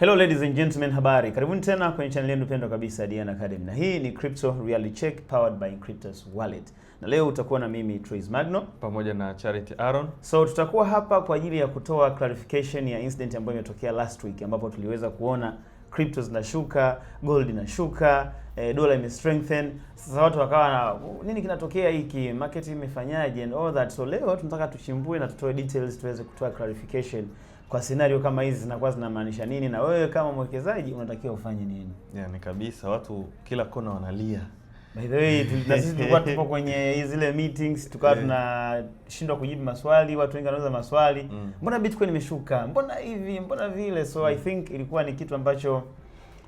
Hello ladies and gentlemen, habari. Karibuni tena kwenye channel yenu pendwa kabisa Dian Academy. Na hii ni Crypto Reality Check powered by Cryptos Wallet. Na leo utakuwa na mimi Trace Magno pamoja na Charity Aaron. So tutakuwa hapa kwa ajili ya kutoa clarification ya incident ambayo imetokea last week ambapo tuliweza kuona crypto zinashuka, gold inashuka, e, eh, dola ime strengthen. Sasa watu wakawa na nini kinatokea hiki? Market imefanyaje and all that. So leo tunataka tuchimbue na tutoe details tuweze kutoa clarification kwa scenario kama hizi zinakuwa zinamaanisha nini, na wewe kama mwekezaji unatakiwa ufanye nini? ni kabisa, watu kila kona wanalia. By the way, na sisi tulikuwa tupo kwenye zile meetings tukawa eh. tunashindwa kujibu maswali, watu wengi wanauza maswali mm. Mbona Bitcoin imeshuka, mbona hivi, mbona vile? So mm. I think ilikuwa ni kitu ambacho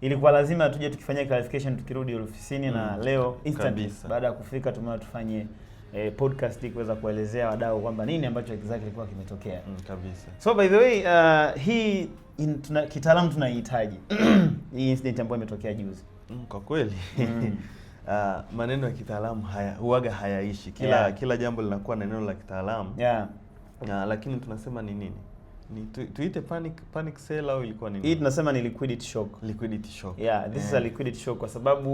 ilikuwa lazima tuje tukifanyia clarification tukirudi ofisini mm. na leo instant baada ya kufika tumeona tufanye eh, podcast kuweza kuelezea wadau kwamba nini ambacho exactly kilikuwa kimetokea. Mm, kabisa. So by the way uh, hii tuna, kitaalamu tunaihitaji hii incident ambayo imetokea juzi. Mm, kwa kweli mm. Uh, maneno ya kitaalamu haya huaga hayaishi kila yeah. Kila jambo linakuwa na neno la kitaalamu yeah. Uh, lakini tunasema ni nini ni tu, tuite panic panic sell au ilikuwa nini? Hii tunasema ni liquidity shock. Liquidity shock. Yeah, this yeah. is a eh. liquidity shock kwa sababu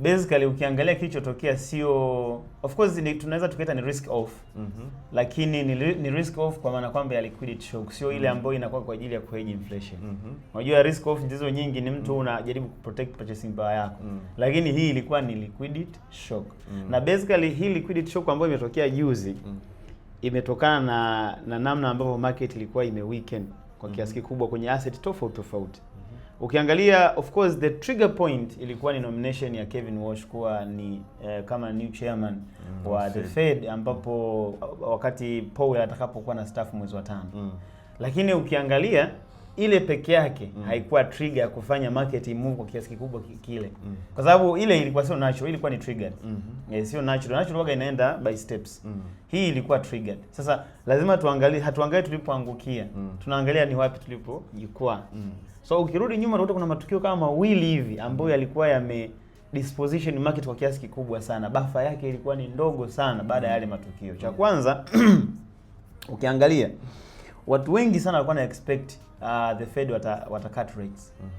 basically ukiangalia kilichotokea sio, of course ni, tunaweza tukaita ni risk off mm -hmm. Lakini ni, ni risk off kwa maana kwamba ya liquidity shock sio mm -hmm. ile mhm. ambayo inakuwa kwa ajili ya kuhedge inflation mhm. unajua, mm -hmm. risk off ndizo nyingi ni mtu mm -hmm. unajaribu kuprotect purchasing power yako mm -hmm. Lakini hii ilikuwa ni liquidity shock mm -hmm. na basically hii liquidity shock ambayo imetokea juzi mm -hmm. imetokana na, na namna ambavyo market ilikuwa ime imeweaken kwa kiasi mhm. kikubwa kwenye asset tofauti tofauti Ukiangalia of course the trigger point ilikuwa ni nomination ya Kevin Walsh kuwa ni eh, kama new chairman mm, wa see. the Fed mm. ambapo wakati Powell atakapokuwa na staff mwezi wa tano mm. Lakini ukiangalia ile peke yake mm. haikuwa trigger ya kufanya market move kwa kiasi kikubwa kile mm. kwa sababu ile ilikuwa sio natural, ilikuwa ni triggered mm -hmm. sio natural. Natural waga inaenda by steps mm. hii ilikuwa triggered. Sasa lazima tuangalie, hatuangalie tulipoangukia mm. tunaangalia ni wapi tulipojikwaa mm. so ukirudi nyuma utakuta kuna matukio kama mawili hivi ambayo mm. yalikuwa yame disposition market kwa kiasi kikubwa sana, bafa yake ilikuwa ni ndogo sana baada ya yale matukio. Cha mm. kwanza ukiangalia okay, watu wengi sana walikuwa na expect uh, the Fed wata, wata cut rates. Mm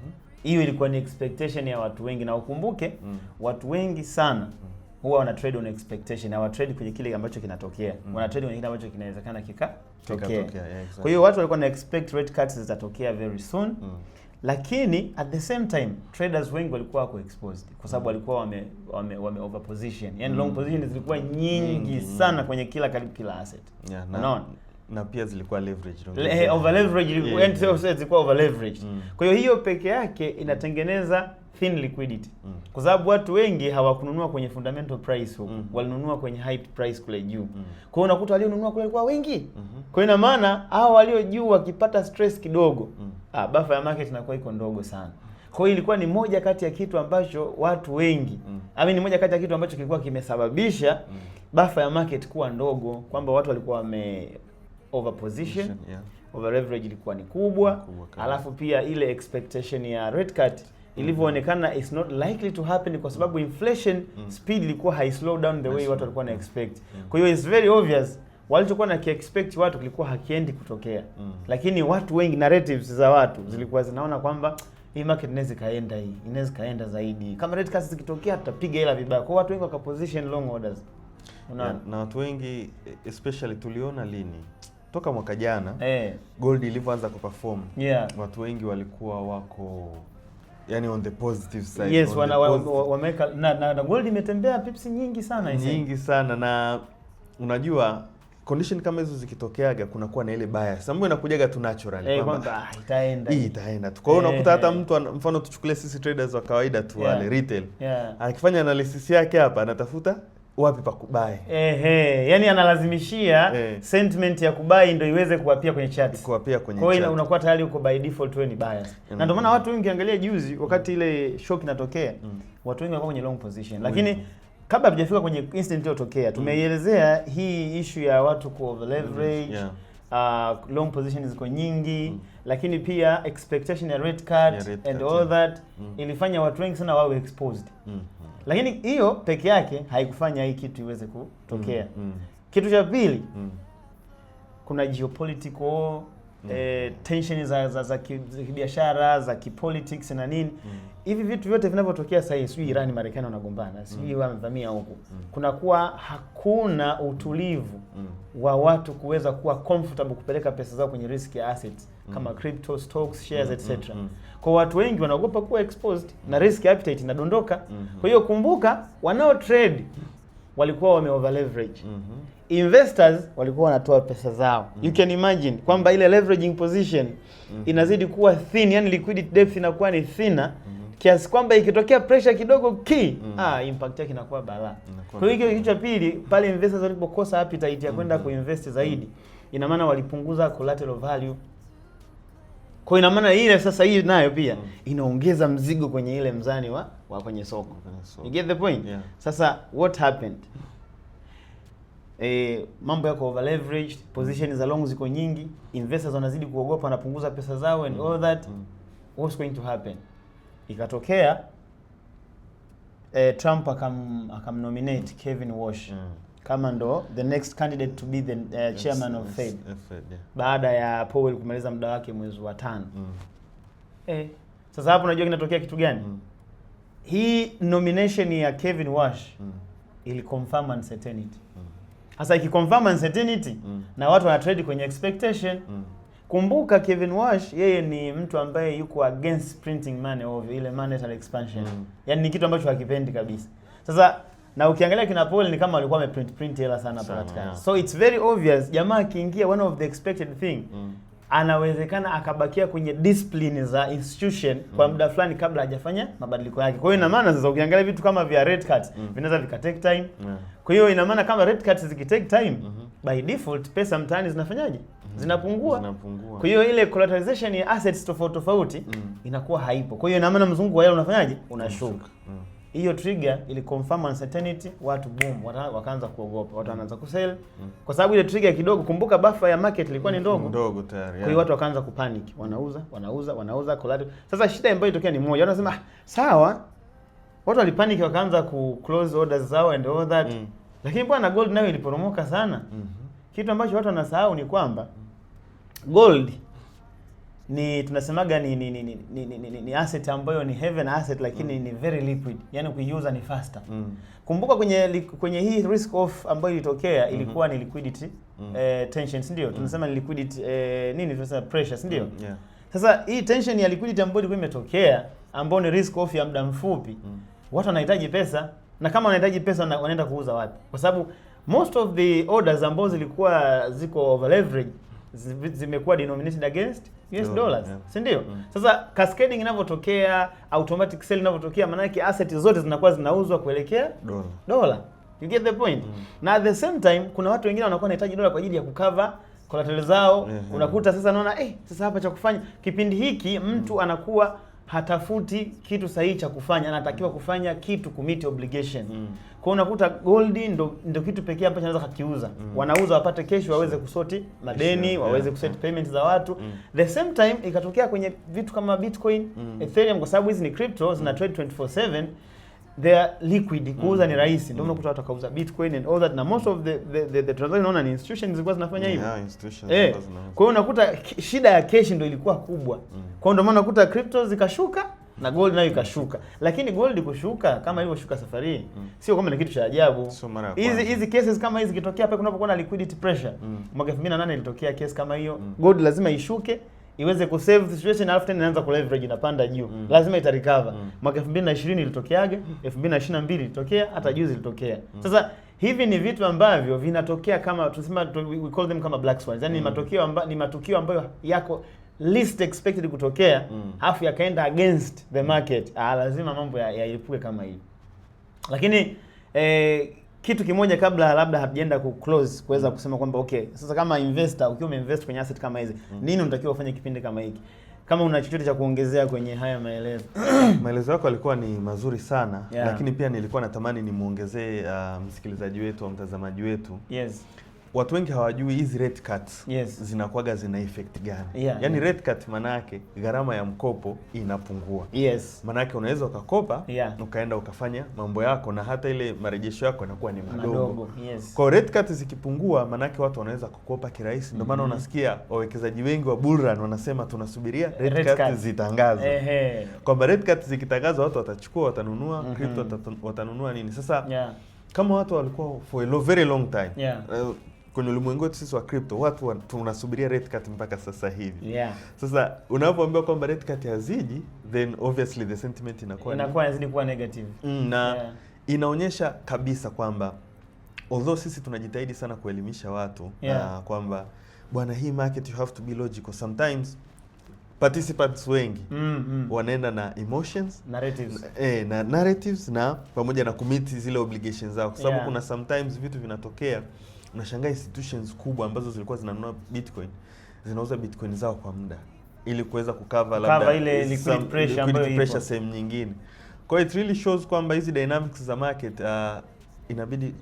hiyo -hmm. ilikuwa ni expectation ya watu wengi na ukumbuke mm. -hmm. watu wengi sana mm. -hmm huwa wana trade on expectation, hawa trade kwenye kile ambacho kinatokea mm. wana trade kwenye kile ambacho kinawezekana kikatokea kika yeah, exactly. Kwa hiyo watu walikuwa na expect rate cuts zitatokea very soon mm. Lakini at the same time traders wengi walikuwa wako exposed kwa sababu mm. walikuwa wame, wame, wame over position yani mm. long position zilikuwa nyingi mm. sana kwenye kila karibu kila asset yeah, unaona na pia zilikuwa leveraged Le, eh, over leveraged yeah, yeah. zilikuwa over leveraged mm. Kwa hiyo hiyo peke yake inatengeneza thin liquidity mm. Kwa sababu watu wengi hawakununua kwenye fundamental price huko mm. Walinunua kwenye high price kule juu mm. Kwa hiyo unakuta walionunua kule kwa wengi mm -hmm. Kwa hiyo ina maana hao walio juu wakipata stress kidogo mm. ah, buffer ya market inakuwa iko ndogo sana kwa hiyo ilikuwa ni moja kati ya kitu ambacho watu wengi mm. Ami, ni moja kati ya kitu ambacho kilikuwa kimesababisha mm. buffer ya market kuwa ndogo, kwamba watu walikuwa wame over position, yeah. over leverage ilikuwa ni kubwa, kubwa alafu pia ile expectation ya rate cut ilivyoonekana mm -hmm. it's not likely to happen kwa sababu mm. inflation mm -hmm. speed ilikuwa hai slow down the way watu walikuwa na expect mm. yeah. kwa hiyo it's very obvious walichokuwa na kiexpect watu kilikuwa hakiendi kutokea mm -hmm. lakini watu wengi narratives za watu zilikuwa zinaona kwamba hii market inaweza kaenda hii inaweza kaenda zaidi kama rate cuts zikitokea tutapiga hela vibaya kwa watu wengi waka position long orders unaona yeah, na watu wengi especially tuliona lini toka mwaka jana hey. Eh. Gold ilivyoanza kuperform yeah. Watu wengi walikuwa wako yani on the positive side. Yes, wana wameka na, na, na Gold imetembea pips nyingi sana hizi. Nyingi sana na unajua condition kama hizo zikitokeaga kunakuwa na ile bias ambayo inakujaga tu naturally hey, eh, kwamba ah, itaenda hii itaenda tu. Kwa hiyo hey, unakuta hata hey. Eh. Mtu mfano tuchukulie sisi traders wa kawaida tu yeah. wale retail yeah. Akifanya analysis yake hapa anatafuta wapi pa kubai. Ehe, yani analazimishia eh. sentiment ya kubai ndio iweze kuwapia kwenye chat. Kuwapia kwenye chat. Kwa hiyo unakuwa tayari uko by default wewe ni bias. Mm. Na ndio maana watu wengi angalia juzi wakati mm. ile shock inatokea, mm. watu wengi walikuwa kwenye long position. Mm. Lakini kabla hatujafika kwenye incident iliyotokea, mm. tumeielezea hii issue ya watu ku overleverage. Mm. Yeah uh, long position ziko nyingi mm. Lakini pia expectation ya red card yeah, red and card, all yeah. that mm. Ilifanya watu wengi sana wawe exposed mm. Lakini hiyo peke yake haikufanya hii kitu iweze kutokea mm. Mm. Kitu cha pili mm. Kuna geopolitical mm. eh, tension za, za, za kibiashara za kipolitics na nini mm. hivi mm. vitu vyote vinavyotokea sasa hivi, sijui Irani Marekani wanagombana mm. sijui mm. wamevamia huku mm. kunakuwa hakuna utulivu mm. wa watu kuweza kuwa comfortable kupeleka pesa zao kwenye risk ya assets mm. kama crypto, stocks, shares mm. etc. Mm, mm. Kwa watu wengi wanaogopa kuwa exposed na risk appetite inadondoka. mm -hmm. Kwa hiyo kumbuka, wanao trade walikuwa wame over leverage. mm -hmm. Investors walikuwa wanatoa pesa zao. mm -hmm. You mhm. can imagine kwamba ile leveraging position mm -hmm. inazidi kuwa thin, yani liquidity depth inakuwa ni thinner mm -hmm. kiasi kwamba ikitokea pressure kidogo ki mm -hmm. ah, impact yake inakuwa balaa. Kwa hiyo kitu cha pili pale investors walipokosa appetite ya kwenda mm -hmm. kuinvest zaidi, mhm. ina maana walipunguza collateral value kwa ina maana ile sasa hii nayo pia mm. inaongeza mzigo kwenye ile mzani wa, wa kwenye soko. You get the point? Yeah. Sasa what happened? E, mambo yako over leveraged, position za long ziko nyingi, investors wanazidi kuogopa, wanapunguza pesa zao and mm. all that. Mm. What's going to happen? Ikatokea eh, Trump akam akamnominate Kevin Walsh mm kama ndo the next candidate to be the uh, chairman yes, of Fed yeah. Baada ya Powell kumaliza muda wake mwezi wa tano mm. Eh, sasa hapo unajua kinatokea kitu gani? mm. Hii nomination ya Kevin Warsh mm. ili confirm uncertainty mm. sasa mm. ikiconfirm uncertainty mm. na watu wana trade kwenye expectation mm. Kumbuka Kevin Warsh yeye ni mtu ambaye yuko against printing money, ovyo ile monetary expansion mm. yaani ni kitu ambacho hakipendi kabisa sasa na ukiangalia kina Paul ni kama walikuwa wameprint print hela sana hapa katikati. So it's very obvious jamaa akiingia one of the expected thing mm. anawezekana akabakia kwenye discipline za institution mm. kwa muda fulani kabla hajafanya mabadiliko yake. Kwa hiyo ina mm. maana sasa ukiangalia vitu kama vya red card mm. vinaweza vika take time. Yeah. Kwa hiyo ina maana kama red card ziki take time mm -hmm. by default pesa mtaani zinafanyaje? Mm-hmm. Zinapungua. Zinapungua. Kwa hiyo ile collateralization ya assets tofauti tofauti mm. inakuwa haipo. Kwa hiyo ina maana mzungu wa hela unafanyaje? Unashuka. Mm hiyo trigger ili confirm uncertainty, watu boom, wakaanza kuogopa, watu wataanza kusell mm. kwa sababu ile trigger kidogo. Kumbuka buffer ya market ilikuwa ni mm, ndogo ndogo tayari, kwa hiyo watu wakaanza kupanic, wanauza wanauza wanauza collateral. Sasa shida ambayo ilitokea ni moja, wanasema ah, sawa, watu walipanic, wakaanza ku close orders zao and all that mm. Lakini bwana gold nayo iliporomoka sana mm -hmm. Kitu ambacho watu wanasahau ni kwamba gold ni tunasemaga ni ni, ni, ni, ni ni ni asset ambayo ni heaven asset lakini mm. ni very liquid, yani kuiuza ni faster mm. Kumbuka kwenye kwenye hii risk off ambayo ilitokea mm-hmm. ilikuwa mm -hmm. ni liquidity mm. eh, tensions ndio mm. tunasema ni liquidity eh, nini tunasema pressures ndio mm. yeah. Sasa hii tension ya liquidity ambayo ilikuwa imetokea ambayo ni risk off ya muda mfupi mm. watu wanahitaji pesa, na kama wanahitaji pesa wanaenda kuuza wapi? Kwa sababu most of the orders ambazo zilikuwa ziko over leverage zimekuwa denominated against US dollars, yeah. si ndio? Mm. Sasa cascading inavyotokea, automatic sell inavyotokea, maana yake asset zote zinakuwa zinauzwa kuelekea dola. Dola. You get the point? Mm. Na at the same time kuna watu wengine wanakuwa wanahitaji dola kwa ajili ya kukava collateral zao. Mm -hmm. Unakuta sasa naona eh, sasa hapa cha kufanya kipindi hiki mtu mm. anakuwa hatafuti kitu sahihi cha kufanya, anatakiwa mm. kufanya kitu kumiti obligation mm. Kwa unakuta gold ndo, ndo kitu pekee ambacho anaweza kakiuza mm. Wanauza wapate kesho waweze kusoti madeni yeah, waweze kuseti yeah, mm. payment za watu mm. The same time ikatokea kwenye vitu kama Bitcoin mm. Ethereum kwa sababu hizi ni crypto zina mm. trade 24/7 they are liquid, kuuza ni mm. rahisi, ndio unakuta watu wakauza bitcoin and all that, na most of the the, the, the transaction unaona ni institutions zilikuwa zinafanya hivyo yeah, institutions eh. Kwa hiyo unakuta shida ya cash ndio ilikuwa kubwa mm. Kwa hiyo ndio maana unakuta crypto zikashuka na gold nayo ikashuka, lakini gold kushuka kama ilivyoshuka safari mm. sio kama ni kitu cha ajabu. Hizi so, hizi cases kama hizi kitokea pale kunapokuwa na liquidity pressure mm. mwaka 2008 ilitokea case kama hiyo mm. gold lazima ishuke iweze kusave the situation alafu tena inaanza ku leverage inapanda juu mm. lazima ita recover mm. mwaka mm. 2020 ilitokeaje 2022 ilitokea hata mm. juzi ilitokea mm. sasa hivi ni vitu ambavyo vinatokea kama tunasema we call them kama black swans yani mm. matokeo amba, ni matukio ambayo yako least expected kutokea mm. afu yakaenda against the market ah, lazima mambo yaepuke ya kama hii lakini eh, kitu kimoja kabla labda hatujaenda ku close kuweza mm. kusema kwamba okay, sasa kama investor ukiwa umeinvest kwenye asset kama hizi mm. nini unatakiwa ufanye kipindi kama hiki? Kama una chochote cha kuongezea kwenye haya maelezo. Maelezo yako yalikuwa ni mazuri sana yeah. Lakini pia nilikuwa natamani nimuongezee uh, msikilizaji wetu au mtazamaji wetu yes watu wengi hawajui hizi rate cuts yes, zinakuwaga zina effect gani? Yeah, yani yeah, yaani rate cut maana yake gharama ya mkopo inapungua. Yes, maana yake unaweza ukakopa yeah, ukaenda ukafanya mambo yako na hata ile marejesho yako yanakuwa ni madogo, madogo. Yes, kwa rate cut zikipungua, maana yake watu wanaweza kukopa kirahisi. Ndio maana mm -hmm, unasikia wawekezaji wengi wa bullrun wanasema tunasubiria rate, rate cut zitangazwe, eh, kwamba rate cut zikitangazwa watu watachukua, watanunua mm -hmm, crypto watanunua nini sasa, yeah, kama watu walikuwa for a very long time yeah. uh, kwenye ulimwengu wetu sisi wa crypto watu wa, tunasubiria rate cut mpaka sasa hivi yeah. Sasa unapoambiwa kwamba rate cut haziji, then obviously the sentiment inakuwa inakuwa inazidi kuwa negative mm, na yeah. Inaonyesha kabisa kwamba although sisi tunajitahidi sana kuelimisha watu yeah. na kwamba bwana, hii market you have to be logical sometimes participants wengi mm, mm. wanaenda na emotions narratives, na, eh, na narratives na pamoja na kumiti zile obligations zao kwa sababu yeah. kuna sometimes vitu vinatokea Unashangaa institutions kubwa ambazo zilikuwa zinanunua bitcoin zinauza bitcoin zao kwa muda ili kuweza kukava labda ile liquid pressure ambayo ipo sehemu nyingine. Kwa hiyo it really shows kwamba hizi dynamics za market uh, inabidi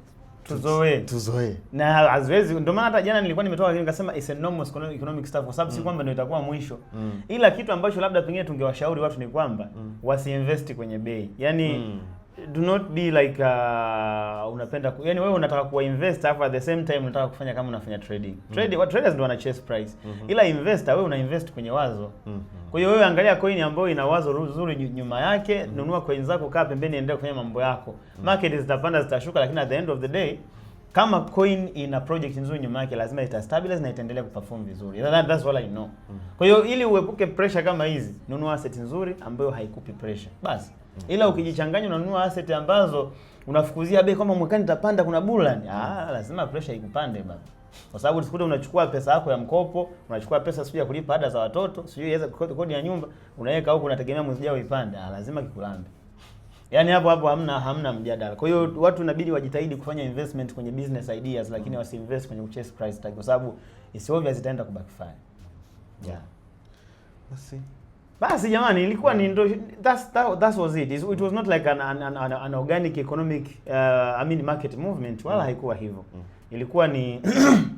tuzoe tuzoe na haziwezi. Ndio maana hata jana nilikuwa nimetoka lakini nikasema is a normal economic stuff, kwa sababu mm. si kwamba ndio itakuwa mwisho mm. Ila kitu ambacho labda pengine tungewashauri watu ni kwamba mm. wasi invest kwenye bei, yani mm do not be like uh, unapenda ku, yani wewe unataka kuwa investor afu at the same time unataka kufanya kama unafanya trading. Mm-hmm. Trade mm -hmm. Traders ndio wana chase price. Mm -hmm. Ila investor wewe una invest kwenye wazo. Mm -hmm. Kwa hiyo wewe angalia coin ambayo ina wazo nzuri nyuma yake, mm -hmm. Nunua coin zako, kaa pembeni, endelea kufanya mambo yako. Mm -hmm. Market zitapanda zitashuka, lakini at the end of the day kama coin ina project nzuri nyuma yake lazima ita stabilize na itaendelea kuperform vizuri. That, that's all I know. Mm -hmm. Kwa hiyo ili uepuke pressure kama hizi, nunua asset nzuri ambayo haikupi pressure. Basi. Mm. ila ukijichanganya unanunua asset ambazo unafukuzia bei kama mwakani tapanda kuna bulani Ah, lazima pressure ikupande baba. Kwa sababu usikute unachukua pesa yako ya mkopo, unachukua pesa sio ya kulipa ada za watoto, sio iweza kodi ya nyumba, unaweka huko unategemea mwezi ujao ipande. Ah, lazima kikulambe. Yaani hapo hapo hamna hamna mjadala. Kwa hiyo watu inabidi wajitahidi kufanya investment kwenye business ideas lakini mm, wasiinvest kwenye chase price tag kwa sababu it's obvious itaenda kubackfire. Yeah. Basi. Basi jamani, ilikuwa ni ndo that's, that, that was it. It was not like an, an, an, an organic economic uh, I mean market movement wala mm. haikuwa hivyo mm. ilikuwa ni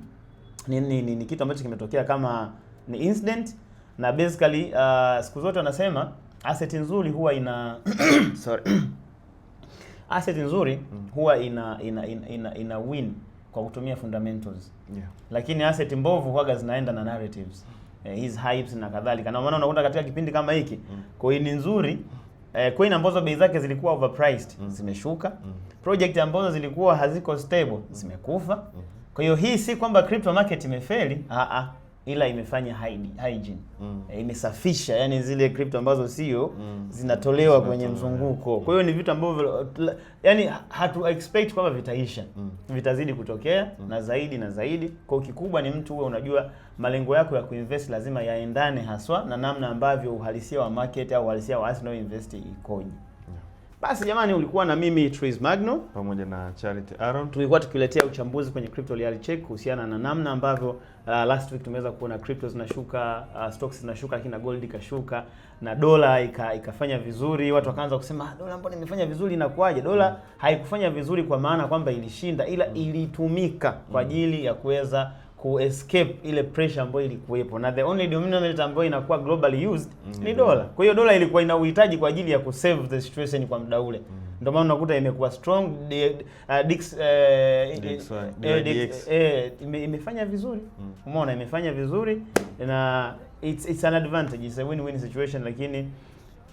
ni, ni, ni, ni kitu ambacho kimetokea kama ni incident na basically uh, siku zote wanasema asset nzuri huwa ina sorry asset nzuri mm. huwa ina ina, ina, ina, ina win kwa kutumia fundamentals yeah. Lakini asset mbovu huwaga zinaenda na narratives eh, hizi hypes na kadhalika, na maana unakuta katika kipindi kama hiki mm. coin nzuri eh, coin ambazo bei zake zilikuwa overpriced mm. zimeshuka mm. project ambazo zilikuwa haziko stable zimekufa mm. kwa hiyo hii si kwamba crypto market imefeli a ah, a ah ila imefanya hygiene mm. E, imesafisha yani zile crypto ambazo sio mm. zinatolewa mm. kwenye mzunguko mm. Kwa hiyo ni vitu ambavyo yani hatu expect kwamba vitaisha mm. vitazidi kutokea mm. na zaidi na zaidi. Kwa kikubwa ni mtu uwe unajua malengo yako ya kuinvest lazima yaendane haswa na namna ambavyo uhalisia wa market au uhalisia wa asset unayoinvest ikoje. Basi jamani, ulikuwa na mimi Tris Magno pamoja na Charity Aaron, tulikuwa tukiletea uchambuzi kwenye crypto reality check kuhusiana na namna ambavyo uh, last week tumeweza kuona crypto zinashuka, uh, stocks zinashuka, lakini na gold ikashuka na dola ika, ikafanya vizuri. Watu wakaanza kusema ah, dola, mbona imefanya vizuri, inakuwaje? Dola mm. haikufanya vizuri kwa maana kwamba ilishinda, ila mm. ilitumika kwa mm. ajili ya kuweza kuescape ile pressure ambayo ilikuwepo, na the only denominator ambayo inakuwa globally used mm -hmm. ni dola. Kwa hiyo dola ilikuwa ina uhitaji kwa ajili ya kusave the situation kwa muda ule mm -hmm. ndio maana unakuta imekuwa strong dix, imefanya vizuri mm -hmm. umeona imefanya vizuri na it's, it's an advantage, it's a win-win situation lakini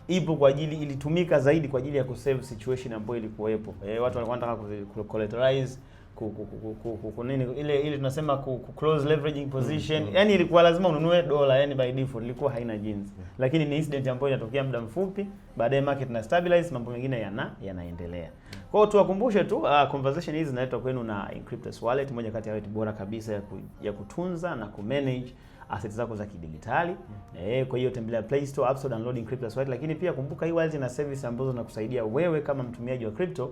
ipo kwa ajili ilitumika zaidi kwa ajili ya kusave situation ambayo ilikuwepo. Eh, watu walikuwa wanataka ku collateralize ku, ku, ku, ku, ku, ku nini ile ile tunasema ku, ku close leveraging mm, position mm Yani ilikuwa lazima ununue dola, yani by default ilikuwa haina jinsi mm Lakini ni incident ambayo inatokea muda mfupi baadaye, market na stabilize, mambo mengine yana yanaendelea. Kwa hiyo tuwakumbushe tu uh, conversation hizi zinaletwa kwenu na Inkryptus Wallet, moja kati ya wallet bora kabisa ya, ku, ya kutunza na kumanage asset zako za kidijitali. Eh, kwa hiyo tembelea Play Store, App Store, download Crypto Swahili, lakini pia kumbuka hii wallet ina service ambazo zinakusaidia wewe kama mtumiaji wa crypto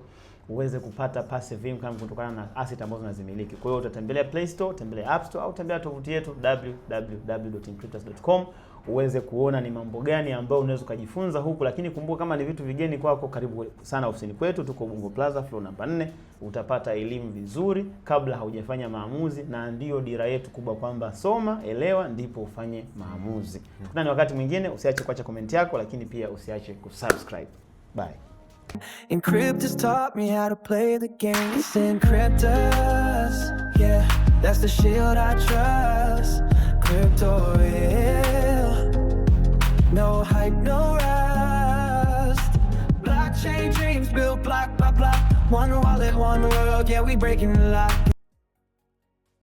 uweze kupata passive income kutokana na asset ambazo unazimiliki. Kwa hiyo utatembelea Play Store, tembelea App Store au tembelea tovuti yetu www.cryptos.com uweze kuona ni mambo gani ambayo unaweza ukajifunza huku, lakini kumbuka kama ni vitu vigeni kwako, karibu sana ofisini kwetu, tuko Ubungo Plaza floor namba 4. Utapata elimu vizuri kabla haujafanya maamuzi, na ndiyo dira yetu kubwa kwamba soma, elewa, ndipo ufanye maamuzi. Tukutane wakati mwingine, usiache kuacha komenti yako, lakini pia usiache kusubscribe. Bye. has taught me how to play the game. It's us, yeah, that's the shield I trust. Crypto, yeah. no hype, no rest. Blockchain dreams built block by block. One wallet, one world, yeah, we breaking the lock.